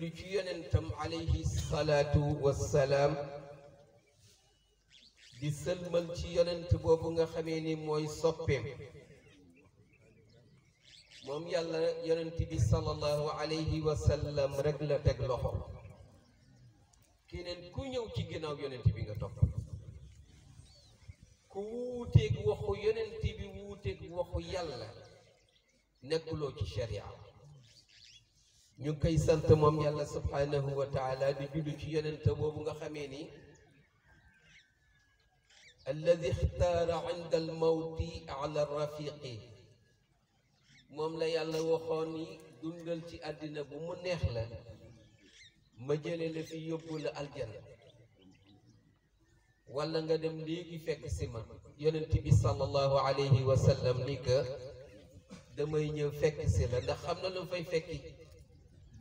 julli ci yonentam alayhi salaatu wassalaam di sëlmal ci yonent boobu nga xamee ni mooy soppeem moom yàlla yonent bi sallallahu alayhi wa sallam rek la teg loxo keneen ku ñëw ci ginnaaw yonent bi nga topp ku wuuteeg waxu yonent bi wuuteeg waxu yàlla nekkuloo ci sharia ñu ngi koy sant moom yàlla subhanahu wa taala di julli ci yonent boobu nga xamee ni alladi ixtaara inda al mawti ala rafiqi moom la yàlla waxoon ni dundal ci àddina bu mu neex la ma jële la fi yóbbu la aljana wala nga dem léegi fekk si ma yonent bi sallallahu alayhi wa sallam ni que damay ñëw fekk si la ndax xam na lu fay fekki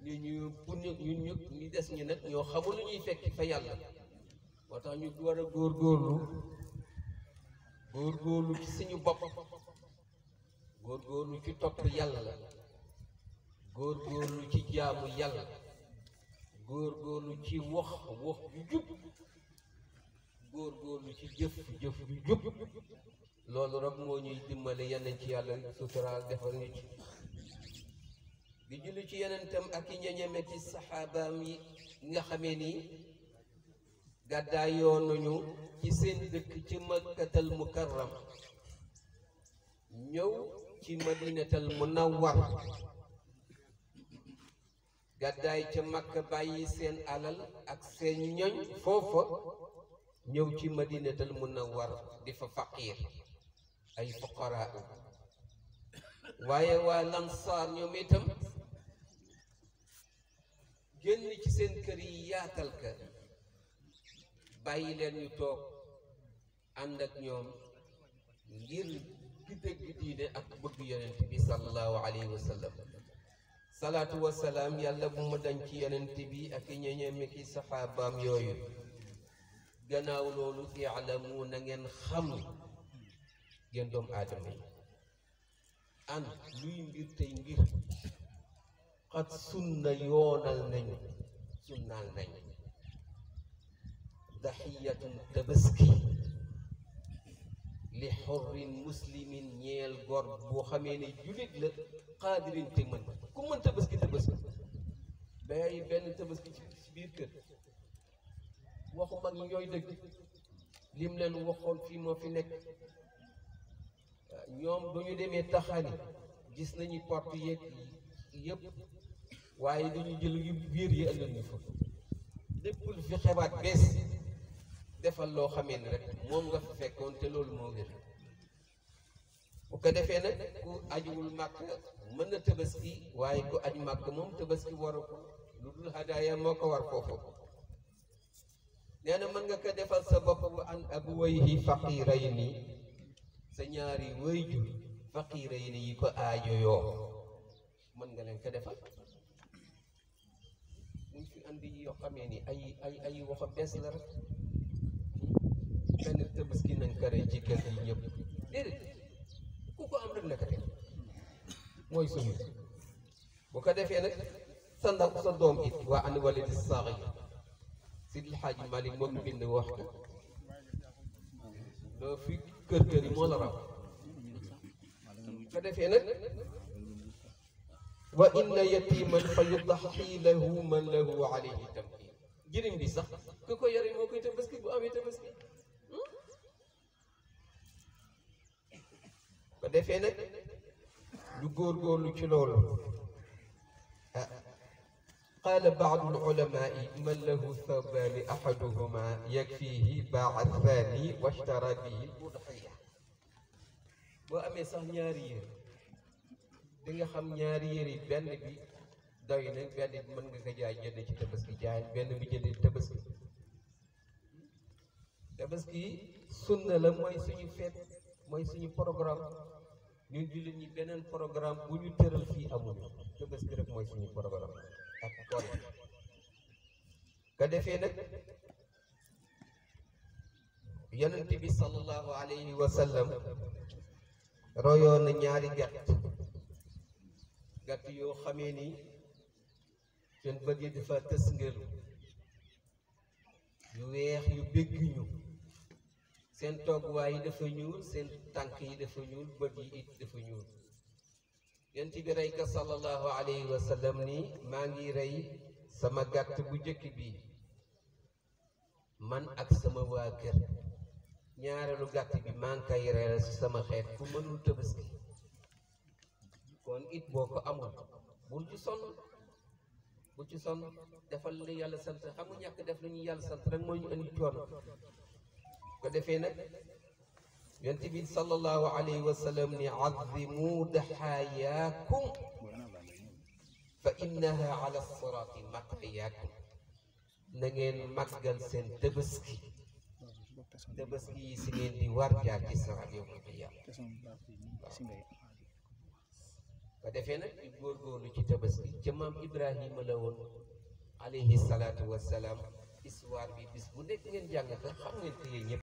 ñu ñu pour ñu ñun ñu des ñi nag ñoo xamul lu ñuy fekk fa yàlla moo tax ñu war a góor góorgóorlu ci suñu bopp góorgóorlu ci topp yàlla la góorgóorlu ci jaamu yàlla góorgóorlu ci wax wax ju jub góorgóorlu ci jëf jëf ju jub loolu rek moo ñuy dimbale yenn ci yàlla suturaal defal ñu ci di julli ci yenentam ak i ñeñeme ci saxaabaam yi nga xamee ni gàddaayoon nañu ci seen dëkk ci makkatal mukarram ñëw ci madinatal munawwar gàddaay ca makka bàyyi seen alal ak seen ñoñ foofa ñëw ci madinatal munawwar di fa faqiir ay fuqaraa waaye waa lansaar ñoom itam génn ci seen kër yi yaatal ka bàyyi leen ñu toog ànd ak ñoom ngir di dëgg diine ak bëgg yonent bi sallallahu alayhi wa sallam salaatu wa salaam yàlla bu dañ ci yonent bi ak ñeñeem ki saxaabaam yooyu gannaaw loolu ialamu na ngeen xam ngeen doomu aadama yi an luy mbir tey mbir xat sunna yoonal nañu sunnaal nañu daxiyatun tabaski li xorrin muslimin ñeel gor boo xamee ne julit la xaadirin te mën ku mën tabaski tabaski bàyyi benn tabaski ci biir kër waxu mag ñi ñooy dëgg lim leen waxoon fii moo fi nekk ñoom ba ñu demee taxani gis nañu porte yeeg yëpp waaye dañu jël yu biir yi ëllëg nga fa lépp lu fi xebaat bees defal loo xame ni rek moom nga fa fekkoon te loolu moo gën bu ko defee nag ku ajuwul màkk mën nga tabaski waaye ku aju màkk moom tabaski waru ko lu dul hadaaya moo ko war foofu nee na mën nga ko defal sa bopp woy an abu wayhi faqirayni sa ñaari wayjur faqirayni yi ko aajo yoo mën nga leen ko defal indi yoo xamee ni ay ay ay wax a bees la rek benn tabaski nañ kare ci kër yi ñëpp déedéet ku ko am rek la mooy suñu bu ko defee nag sa ndaw sa doom it waa an walidi saaxi Sidi Xaaji Malik moom bind wax ko loo fi kër kër yi moo la raw bu ko defee nag وإن يتيما فيضحي له من له عليه تمكين جرين bi sax ku ko yore moo koy tabaski قال بعض العلماء من له ثوبان أحدهما يكفيه باع الثاني واشترى به الأضحية وأمي صح di nga xam ñaari yére benn bi doy na benn bi mën nga ko jaay jënd ci tabaski jaay benn bi jënd tabaski tabaski sunna la mooy suñu feet mooy suñu programme ñun jullit ñi beneen programme bu ñu tëral fii amuñu tabaski rek mooy suñu programme ak koor ka defee nag yonent bi sallallahu alayhi wa sallam ñaari gàtt gatti yo xamé ni seen bët yi dafa tës ngéru yu wéx yu bégg ñu seen togguwaay yi dafa ñuul seen tank yi dafa ñuul bët yi it dafa ñuul yent bi rey ka sallallahu alayhi wa sallam ni ma ngi rey sama gatt bu jëkk bi man ak sama waa kër ñaareelu gatt bi ma ngi koy reyal sama xeet ku mënul kon it boko amul bul ci son bu ci son defal li yàlla sant xamu ñak def lu ñu yàlla sant rek moy ñu indi coono ko defé nak yonent bi sallallahu alayhi wa sallam ni azimu dahayakum fa innaha ala sirati maqiyakum na ngeen màggal seen tebeski tebeski yi si ngeen di war jaar ci sirati maqiyakum ko defee nag di góorgóorlu ci tabaski ca maam Ibrahima la woon alayhi salaatu wassalaam histoire bi bis bu nekk ngeen xam ngeen